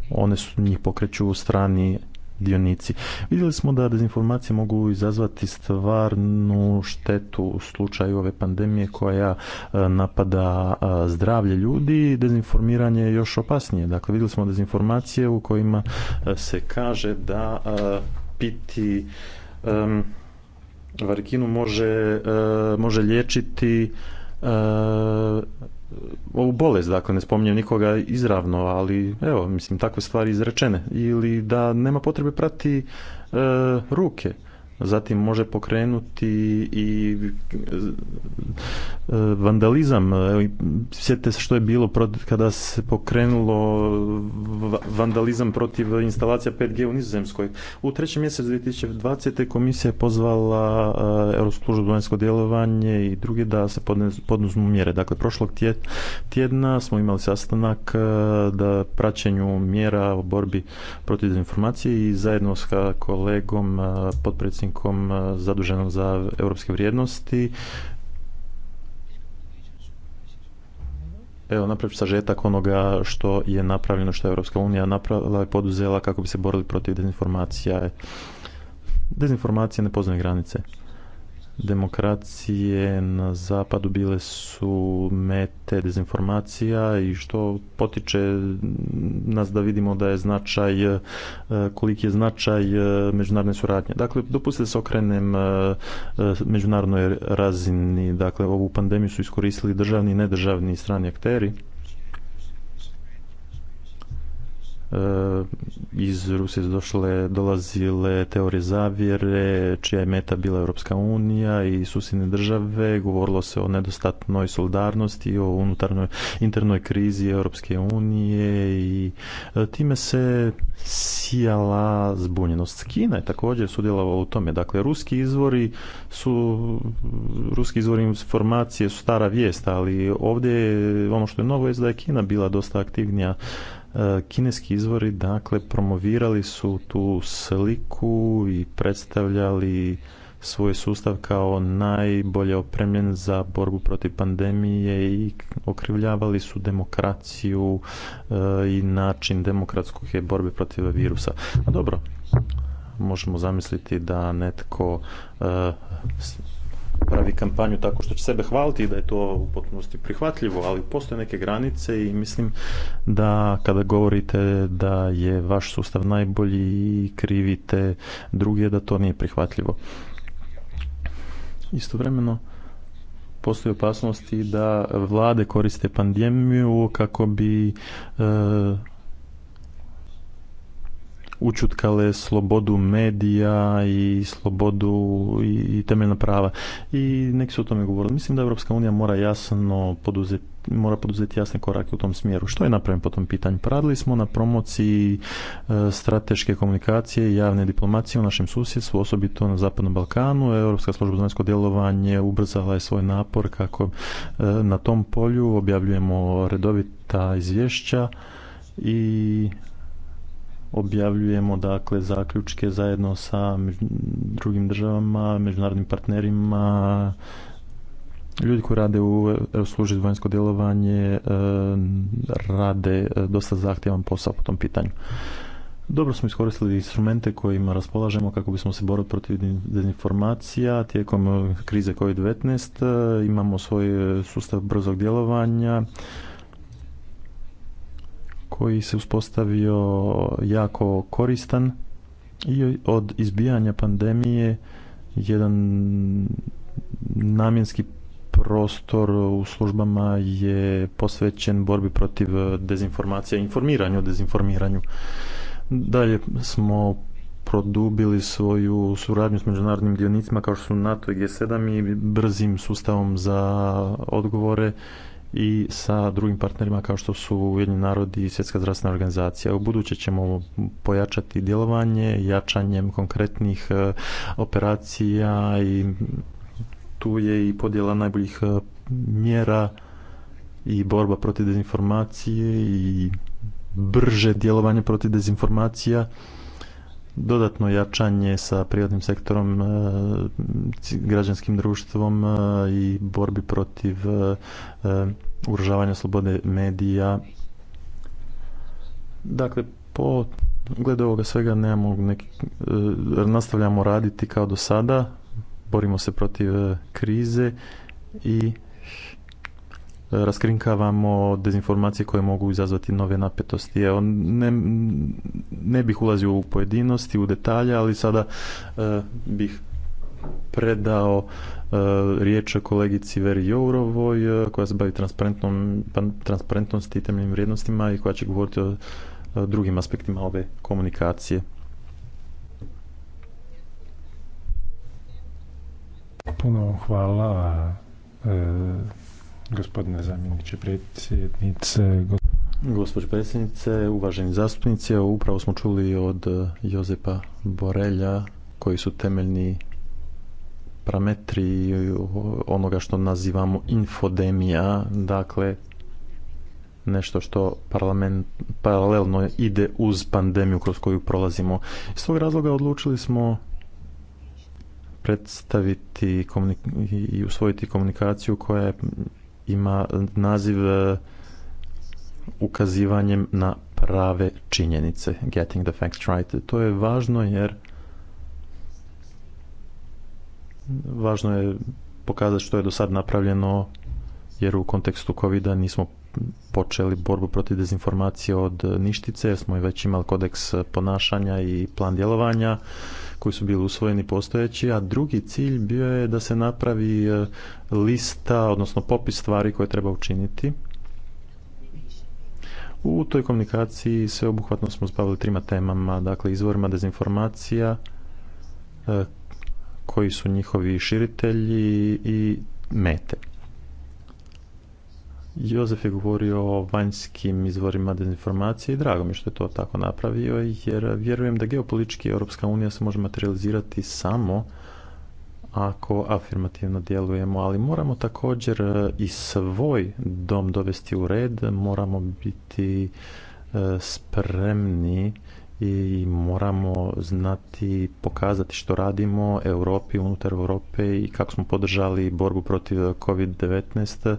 one su njih pokreću u strani dionici. Vidjeli smo da dezinformacije mogu izazvati stvarnu štetu u slučaju ove pandemije koja napada zdravlje ljudi dezinformiranje je još opasnije. Dakle, vidjeli smo dezinformacije u kojima se kaže da piti varikinu može, e, može liječiti e, ovu bolest, dakle ne spominjem nikoga izravno, ali evo, mislim, takve stvari izrečene. Ili da nema potrebe prati e, ruke zatim može pokrenuti i e, vandalizam. Sjetite se što je bilo kada se pokrenulo vandalizam protiv instalacija 5G u Nizozemskoj. U trećem mjesecu 2020. komisija je pozvala e, Europsku službu vanjsko djelovanje i druge da se poduzmu mjere. Dakle, prošlog tjedna smo imali sastanak e, da praćenju mjera o borbi protiv dezinformacije i zajedno s kolegom potpredsjednikom kom eh, zaduženom za europske vrijednosti. Evo, napravit sažetak onoga što je napravljeno, što je Europska unija napravila i poduzela kako bi se borili protiv dezinformacija. Dezinformacije ne poznaju granice demokracije na zapadu bile su mete dezinformacija i što potiče nas da vidimo da je značaj, e, koliki je značaj e, međunarodne suradnje. Dakle, dopustite da se okrenem e, međunarodnoj razini. Dakle, ovu pandemiju su iskoristili državni i nedržavni strani akteri E, iz Rusije su došle, dolazile teorije zavjere, čija je meta bila Europska unija i susjedne države, govorilo se o nedostatnoj solidarnosti, o unutarnoj internoj krizi Europske unije i e, time se sijala zbunjenost. Kina je također sudjelovala u tome. Dakle, ruski izvori su, ruski izvori informacije su stara vijest, ali ovdje ono što je novo je da je Kina bila dosta aktivnija E, kineski izvori dakle promovirali su tu sliku i predstavljali svoj sustav kao najbolje opremljen za borbu protiv pandemije i okrivljavali su demokraciju e, i način demokratskog borbe protiv virusa. A dobro, možemo zamisliti da netko e, pravi kampanju tako što će sebe hvaliti da je to u potpunosti prihvatljivo, ali postoje neke granice i mislim da kada govorite da je vaš sustav najbolji i krivite druge, da to nije prihvatljivo. Istovremeno, postoji opasnosti da vlade koriste pandemiju kako bi e, učutkale slobodu medija i slobodu i, i temeljna prava. I neki su o tome govorili. Mislim da Europska unija mora jasno poduzeti mora poduzeti jasne korake u tom smjeru. Što je napravljeno po tom pitanju? Poradili smo na promociji e, strateške komunikacije i javne diplomacije u našem susjedstvu, osobito na Zapadnom Balkanu. Europska služba za vanjsko djelovanje ubrzala je svoj napor kako e, na tom polju objavljujemo redovita izvješća i objavljujemo dakle zaključke zajedno sa drugim državama, međunarodnim partnerima, Ljudi koji rade u službi vanjsko djelovanje e, rade e, dosta zahtjevan posao po tom pitanju. Dobro smo iskoristili instrumente kojima raspolažemo kako bismo se borili protiv dezinformacija tijekom e, krize COVID-19. Imamo svoj sustav brzog djelovanja koji se uspostavio jako koristan i od izbijanja pandemije jedan namjenski prostor u službama je posvećen borbi protiv dezinformacija i informiranju o dezinformiranju. Dalje smo produbili svoju suradnju s međunarodnim dionicima kao što su NATO i G7 i brzim sustavom za odgovore i sa drugim partnerima kao što su Ujedni narodi i Svjetska zdravstvena organizacija. U buduće ćemo pojačati djelovanje jačanjem konkretnih e, operacija i tu je i podjela najboljih e, mjera i borba protiv dezinformacije i brže djelovanje protiv dezinformacija dodatno jačanje sa privatnim sektorom, e, građanskim društvom e, i borbi protiv e, ugrožavanja slobode medija. Dakle, po gledu ovoga svega nemamo neki, nastavljamo raditi kao do sada, borimo se protiv krize i raskrinkavamo dezinformacije koje mogu izazvati nove napetosti. Evo, ne, ne bih ulazio u pojedinosti, u detalje, ali sada e, bih predao e, riječ kolegici Veri Jourovoj e, koja se bavi transparentnom, pa, transparentnosti i temeljnim vrijednostima i koja će govoriti o drugim aspektima ove komunikacije. Puno hvala Gospodine zamjeniče predsjednice, Gospođo predsjednice, uvaženi zastupnici, upravo smo čuli od e, Jozepa Borelja koji su temeljni parametri onoga što nazivamo infodemija, dakle nešto što parlament, paralelno ide uz pandemiju kroz koju prolazimo. Iz tog razloga odlučili smo predstaviti i usvojiti komunikaciju koja je ima naziv e, ukazivanjem na prave činjenice, getting the facts right. To je važno jer važno je pokazati što je do sad napravljeno jer u kontekstu covid nismo počeli borbu protiv dezinformacije od ništice, smo i već imali kodeks ponašanja i plan djelovanja koji su bili usvojeni postojeći, a drugi cilj bio je da se napravi e, lista, odnosno popis stvari koje treba učiniti. U toj komunikaciji sveobuhvatno smo zbavili trima temama, dakle izvorima dezinformacija, e, koji su njihovi širitelji i mete. Jozef je govorio o vanjskim izvorima dezinformacije i drago mi što je to tako napravio jer vjerujem da geopolitički Europska unija se može materializirati samo ako afirmativno djelujemo, ali moramo također i svoj dom dovesti u red, moramo biti e, spremni i moramo znati pokazati što radimo Europi unutar Europe i kako smo podržali borbu protiv COVID-19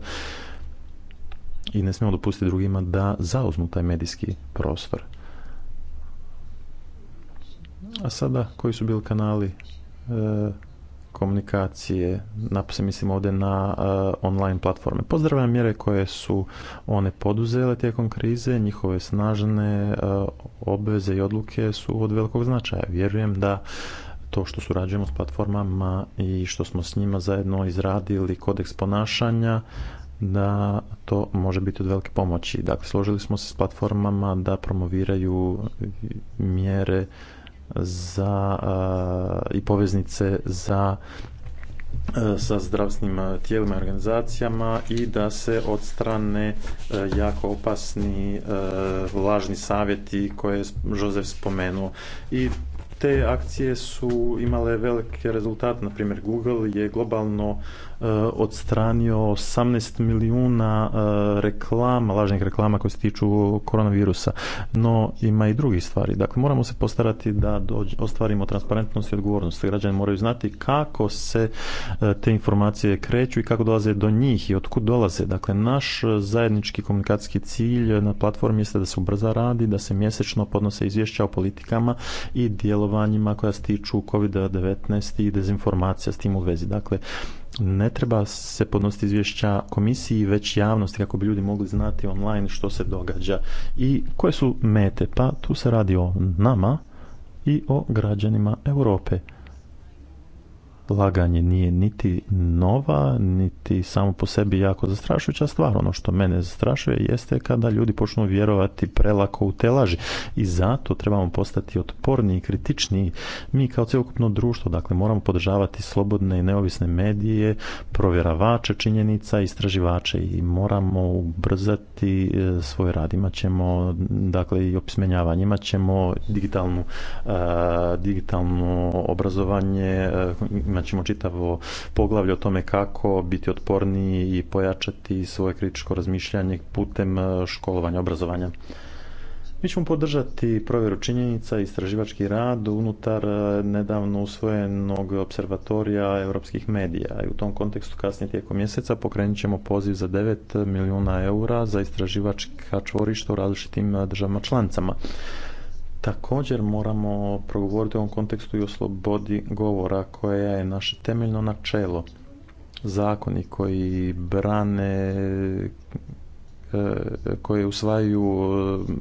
i ne smijemo dopustiti drugima da zauzmu taj medijski prostor. A sada, koji su bili kanali e, komunikacije, Napisam, mislim ovdje na e, online platforme. Pozdravljam mjere koje su one poduzele tijekom krize, njihove snažne e, obveze i odluke su od velikog značaja. Vjerujem da to što surađujemo s platformama i što smo s njima zajedno izradili kodeks ponašanja da to može biti od velike pomoći. Dakle, složili smo se s platformama da promoviraju mjere za i poveznice za sa zdravstvenim tijelima i organizacijama i da se odstrane strane jako opasni lažni savjeti koje je Jozef spomenuo. I te akcije su imale velike rezultate. Na primjer, Google je globalno e, odstranio 18 milijuna e, reklama, lažnih reklama koje se tiču koronavirusa. No, ima i drugih stvari. Dakle, moramo se postarati da ostvarimo transparentnost i odgovornost. Građani moraju znati kako se e, te informacije kreću i kako dolaze do njih i otkud dolaze. Dakle, naš zajednički komunikacijski cilj na platformi jeste da se ubrza radi, da se mjesečno podnose izvješća o politikama i dijelovima koja se tiču COVID-19 i dezinformacija s tim u vezi. Dakle, ne treba se podnositi izvješća komisiji, već javnosti kako bi ljudi mogli znati online što se događa i koje su mete. Pa tu se radi o nama i o građanima Europe laganje nije niti nova, niti samo po sebi jako zastrašujuća stvar. Ono što mene zastrašuje jeste kada ljudi počnu vjerovati prelako u te laži i zato trebamo postati otporniji i kritični mi kao cjelokupno društvo. Dakle, moramo podržavati slobodne i neovisne medije, provjeravače činjenica, istraživače i moramo ubrzati e, svoj rad. Imaćemo, dakle, i opismenjavanje, imaćemo digitalnu, e, digitalno obrazovanje, uh, ćemo čitavo poglavlje o tome kako biti otporniji i pojačati svoje kritičko razmišljanje putem e, školovanja, obrazovanja. Mi ćemo podržati provjeru činjenica i istraživački rad unutar e, nedavno usvojenog observatorija europskih medija i u tom kontekstu kasnije tijekom mjeseca pokrenut ćemo poziv za 9 milijuna eura za istraživačka čvorišta u različitim e, državama članicama. Također moramo progovoriti u ovom kontekstu i o slobodi govora koja je naše temeljno načelo. Zakoni koji brane e, koje usvajaju e,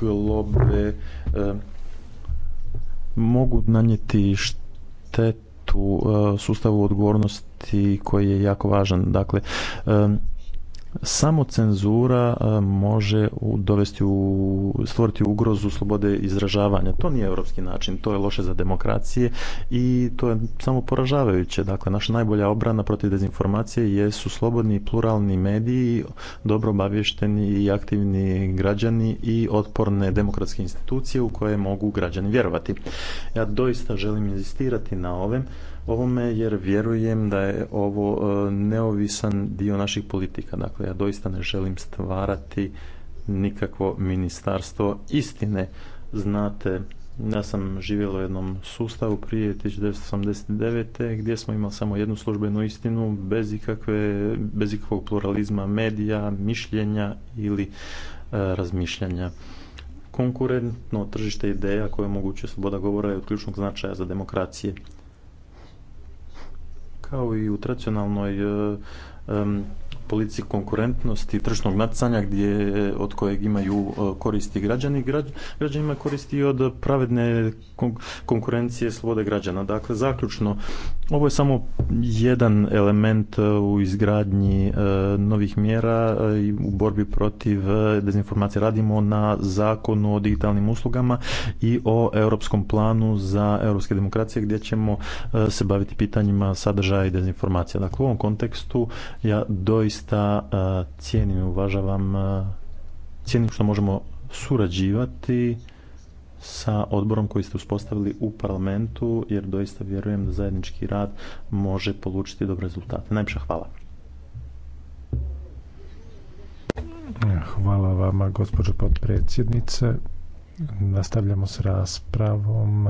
globe e, mogu nanijeti štetu sustavu odgovornosti koji je jako važan. Dakle, samo cenzura e, može dovesti u, stvoriti ugrozu slobode izražavanja. To nije europski način, to je loše za demokracije i to je samo poražavajuće. Dakle, naša najbolja obrana protiv dezinformacije jesu slobodni i pluralni mediji, dobro obavješteni i aktivni građani i otporne demokratske institucije u koje mogu građani vjerovati. Ja doista želim inzistirati na ovem ovome jer vjerujem da je ovo e, neovisan dio naših politika. Dakle, ja doista ne želim stvarati nikakvo ministarstvo istine. Znate, ja sam živjela u jednom sustavu prije 1989. gdje smo imali samo jednu službenu istinu bez, ikakve, bez ikakvog pluralizma medija, mišljenja ili e, razmišljanja. Konkurentno tržište ideja koje omogućuje sloboda govora je od ključnog značaja za demokracije kao i u tradicionalnoj e, politici konkurentnosti tržišnog natjecanja gdje od kojeg imaju e, koristi građani, građanima koristi i od pravedne konkurencije slobode građana. Dakle, zaključno, ovo je samo jedan element e, u izgradnji e, novih mjera i u borbi protiv dezinformacije. Radimo na zakonu o digitalnim uslugama i o europskom planu za europske demokracije gdje ćemo se baviti pitanjima sadržaja i dezinformacija. Dakle, u ovom kontekstu ja doista doista e, cijenim i uvažavam, e, cijenim što možemo surađivati sa odborom koji ste uspostavili u parlamentu, jer doista vjerujem da zajednički rad može polučiti dobre rezultate. Najpša hvala. Hvala vama, gospođo potpredsjednice. Nastavljamo s raspravom.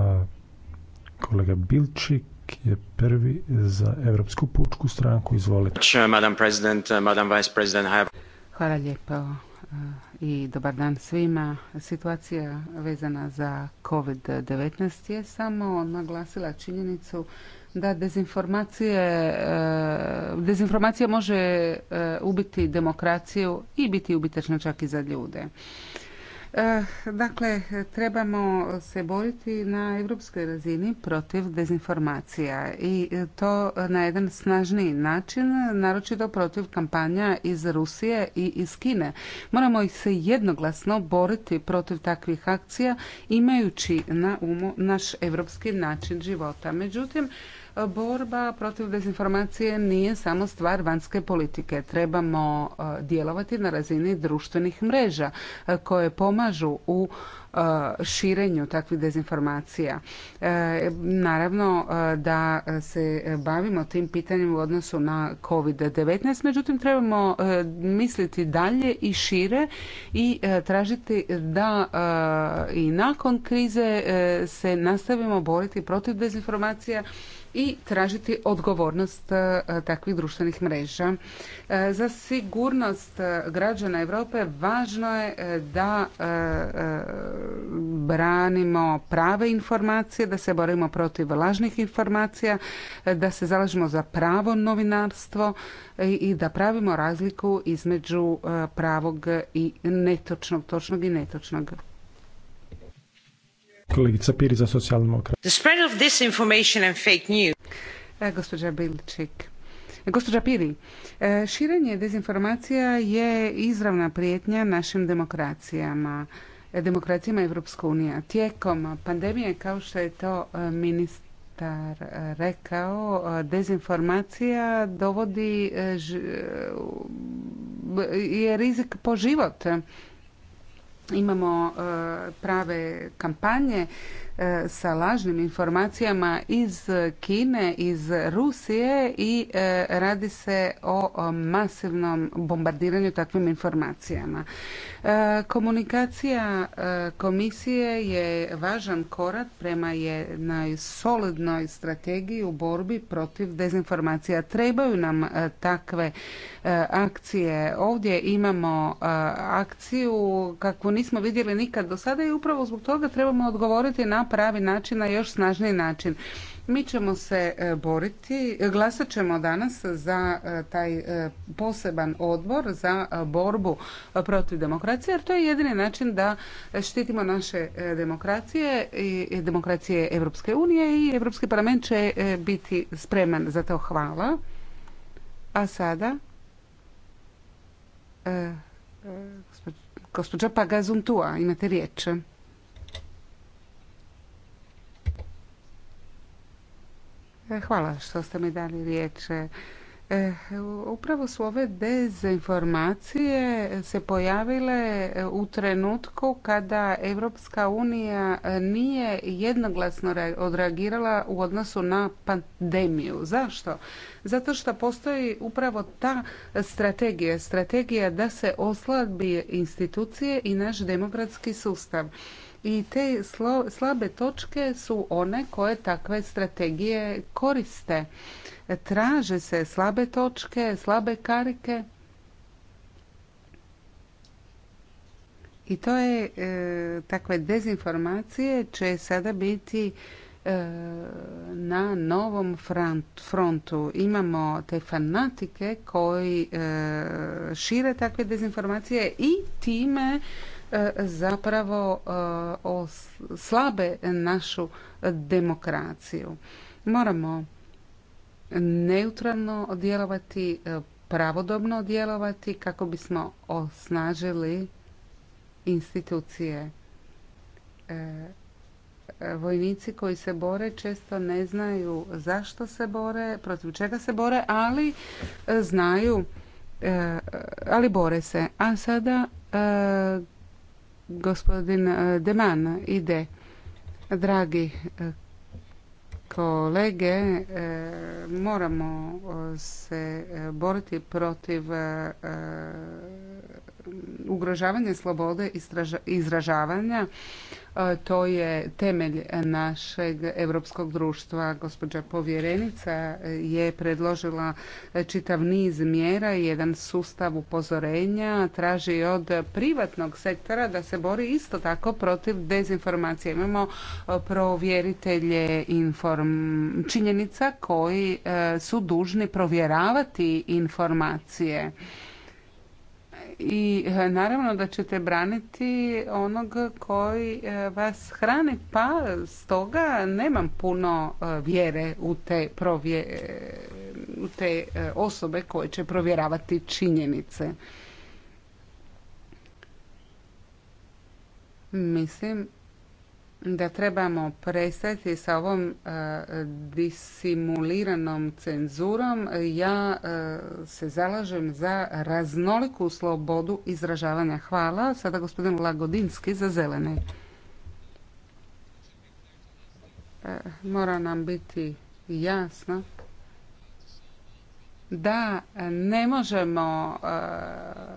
Kolega Bilčik je prvi za Europsku pučku stranku. Izvolite. Uh, Hvala lijepo uh, i dobar dan svima. Situacija vezana za COVID-19 je samo naglasila činjenicu da dezinformacije, uh, dezinformacija može ubiti demokraciju i biti ubitačna čak i za ljude. E, dakle, trebamo se boriti na europskoj razini protiv dezinformacija i to na jedan snažniji način, naročito protiv kampanja iz Rusije i iz Kine. Moramo ih se jednoglasno boriti protiv takvih akcija imajući na umu naš evropski način života. Međutim, borba protiv dezinformacije nije samo stvar vanjske politike. Trebamo e, djelovati na razini društvenih mreža e, koje pomažu u e, širenju takvih dezinformacija. Naravno da se bavimo tim pitanjem u odnosu na COVID-19, međutim trebamo misliti dalje i šire i tražiti da i nakon krize se nastavimo boriti protiv dezinformacija i tražiti odgovornost e, takvih društvenih mreža. E, za sigurnost e, građana Europe važno je da branimo prave informacije, da se borimo protiv lažnih informacija, da se zalažemo za pravo novinarstvo i da pravimo razliku između pravog i netočnog, točnog i netočnog. Kolegica Piri za socijaldemokrat. The spread of disinformation and fake news. E, gospođa Bilčik. E, gospođa Piri, e, širenje dezinformacija je izravna prijetnja našim demokracijama demokracijama Evropske unije. Tijekom pandemije, kao što je to ministar rekao, dezinformacija dovodi je rizik po život imamo e, prave kampanje E, sa lažnim informacijama iz Kine, iz Rusije i e, radi se o masivnom bombardiranju takvim informacijama. E, komunikacija komisije je važan korak prema jednoj solidnoj strategiji u borbi protiv dezinformacija. Trebaju nam takve akcije. Ovdje imamo akciju kakvu nismo vidjeli nikad do sada i upravo zbog toga trebamo odgovoriti na pravi način, na još snažniji način. Mi ćemo se e, boriti, glasat ćemo danas za e, taj e, poseban odbor za borbu protiv demokracije, jer to je jedini način da štitimo naše demokracije i demokracije Europske unije i Europski parlament će biti spreman za to. Hvala. A sada gospođa Pagazuntua, imate riječ. E, hvala što ste mi dali riječ. E, upravo su ove dezinformacije se pojavile u trenutku kada Europska unija nije jednoglasno odreagirala u odnosu na pandemiju. Zašto? Zato što postoji upravo ta strategija, strategija da se oslabi institucije i naš demokratski sustav i te slabe točke su one koje takve strategije koriste. Traže se slabe točke, slabe karike. I to je, e, takve dezinformacije će sada biti e, na novom frontu. Imamo te fanatike koji e, šire takve dezinformacije i time E, zapravo e, slabe našu demokraciju. Moramo neutralno djelovati, e, pravodobno djelovati kako bismo osnažili institucije. Vojnici koji se bore često ne znaju zašto se bore, protiv čega se bore, ali znaju, ali bore se. A sada Gospodin e, Deman ide. Dragi e, kolege, e, moramo se boriti protiv ugrožavanja slobode izražavanja to je temelj našeg europskog društva. Gospođa povjerenica je predložila čitav niz mjera, jedan sustav upozorenja, traži od privatnog sektora da se bori isto tako protiv dezinformacije. Imamo e, provjeritelje činjenica koji e, su dužni provjeravati informacije i e, naravno da ćete braniti onog koji e, vas hrani, pa stoga nemam puno e, vjere u te, provje, u te osobe koje će provjeravati činjenice. Mislim da trebamo prestati sa ovom e, disimuliranom cenzurom. Ja e, se zalažem za raznoliku slobodu izražavanja. Hvala. Sada gospodin Lagodinski za zelene. E, mora nam biti jasno da ne možemo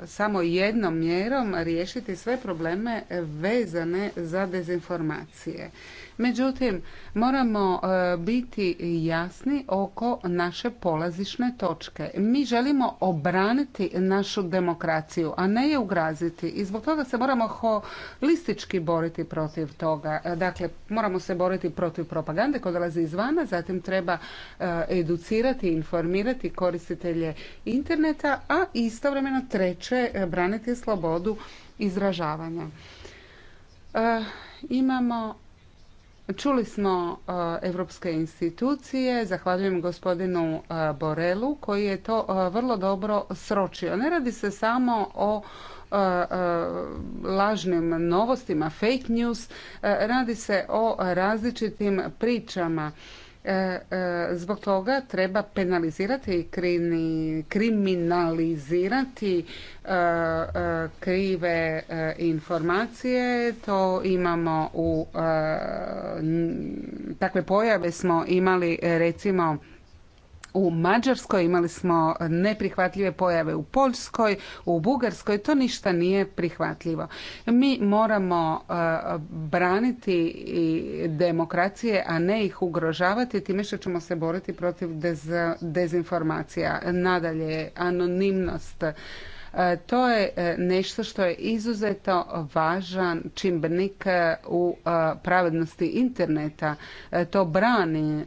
e, samo jednom mjerom riješiti sve probleme vezane za dezinformacije. Međutim, moramo e, biti jasni oko naše polazišne točke. Mi želimo obraniti našu demokraciju, a ne je ugraziti. I zbog toga se moramo holistički boriti protiv toga. E, dakle, moramo se boriti protiv propagande koja dolazi izvana, zatim treba e, educirati, informirati koristitelje interneta, a istovremeno treće, braniti slobodu izražavanja. imamo Čuli smo e, evropske institucije, zahvaljujem gospodinu e, Borelu koji je to e, vrlo dobro sročio. Ne radi se samo o lažnim novostima, fake news, radi se o različitim pričama E, e, zbog toga treba penalizirati i kriminalizirati e, krive informacije. To imamo u takve pojave smo imali recimo u Mađarskoj, imali smo neprihvatljive pojave u Poljskoj, u Bugarskoj, to ništa nije prihvatljivo. Mi moramo e, braniti i demokracije, a ne ih ugrožavati time što ćemo se boriti protiv dezinformacija. Nadalje, anonimnost E, to je e, nešto što je izuzetno važan čimbenik e, u pravednosti interneta. To brani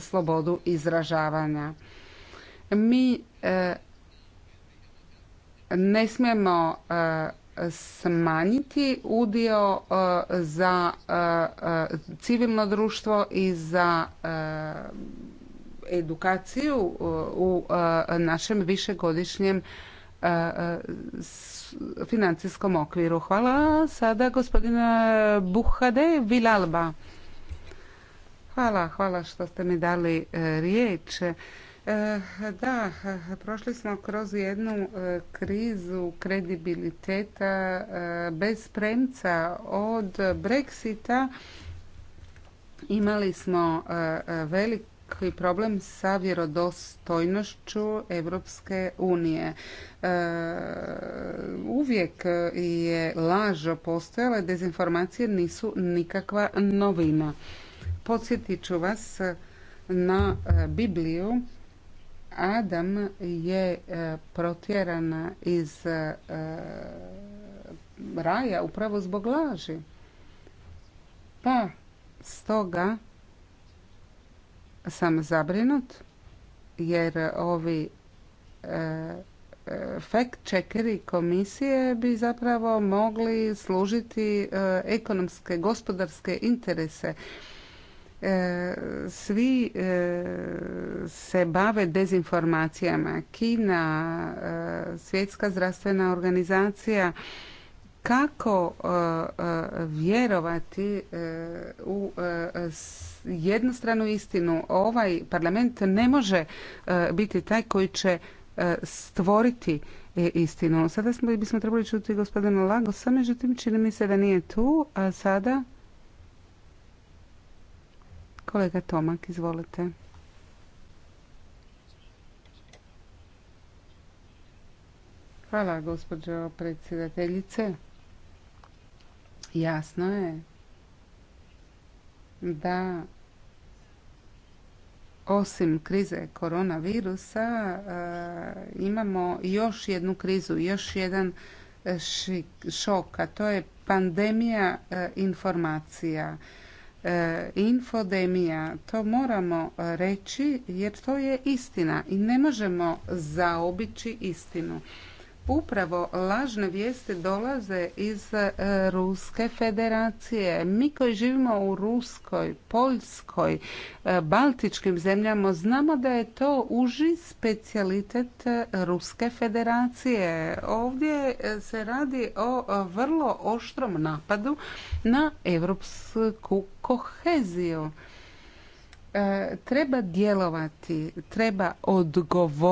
slobodu izražavanja. Mi ne smijemo smanjiti udio za civilno društvo i za edukaciju u našem višegodišnjem E, e, financijskom okviru. Hvala. Sada gospodina e, Buhade Vilalba. Hvala, hvala što ste mi dali riječ. Da, prošli smo kroz jednu krizu kredibiliteta bez premca od Brexita. Imali smo velik veliki problem sa vjerodostojnošću Europske unije. E, uvijek je lažo postojala, dezinformacije nisu nikakva novina. Podsjetit ću vas na e, Bibliju. Adam je e, protjerana iz raja upravo zbog laži. Pa stoga sam zabrinut jer ovi e, e, fact checkeri komisije bi zapravo mogli služiti e, ekonomske, gospodarske interese. Svi se bave dezinformacijama. Kina, svjetska zdravstvena organizacija, kako vjerovati u jednostranu istinu. Ovaj parlament ne može e, biti taj koji će e, stvoriti e, istinu. Sada smo, bismo trebali čuti gospodina Lagosa, međutim čini mi se da nije tu, a sada kolega Tomak, izvolite. Hvala, gospođo predsjedateljice. Jasno je da osim krize koronavirusa eh, imamo još jednu krizu, još jedan eh, šok, a to je pandemija eh, informacija. Infodemija, to moramo reći jer to je istina i ne možemo zaobići istinu upravo lažne vijesti dolaze iz e, Ruske federacije. Mi koji živimo u Ruskoj, Poljskoj, e, Baltičkim zemljama znamo da je to uži specijalitet e, Ruske federacije. Ovdje se radi o vrlo oštrom napadu na evropsku koheziju treba djelovati, treba odgovoriti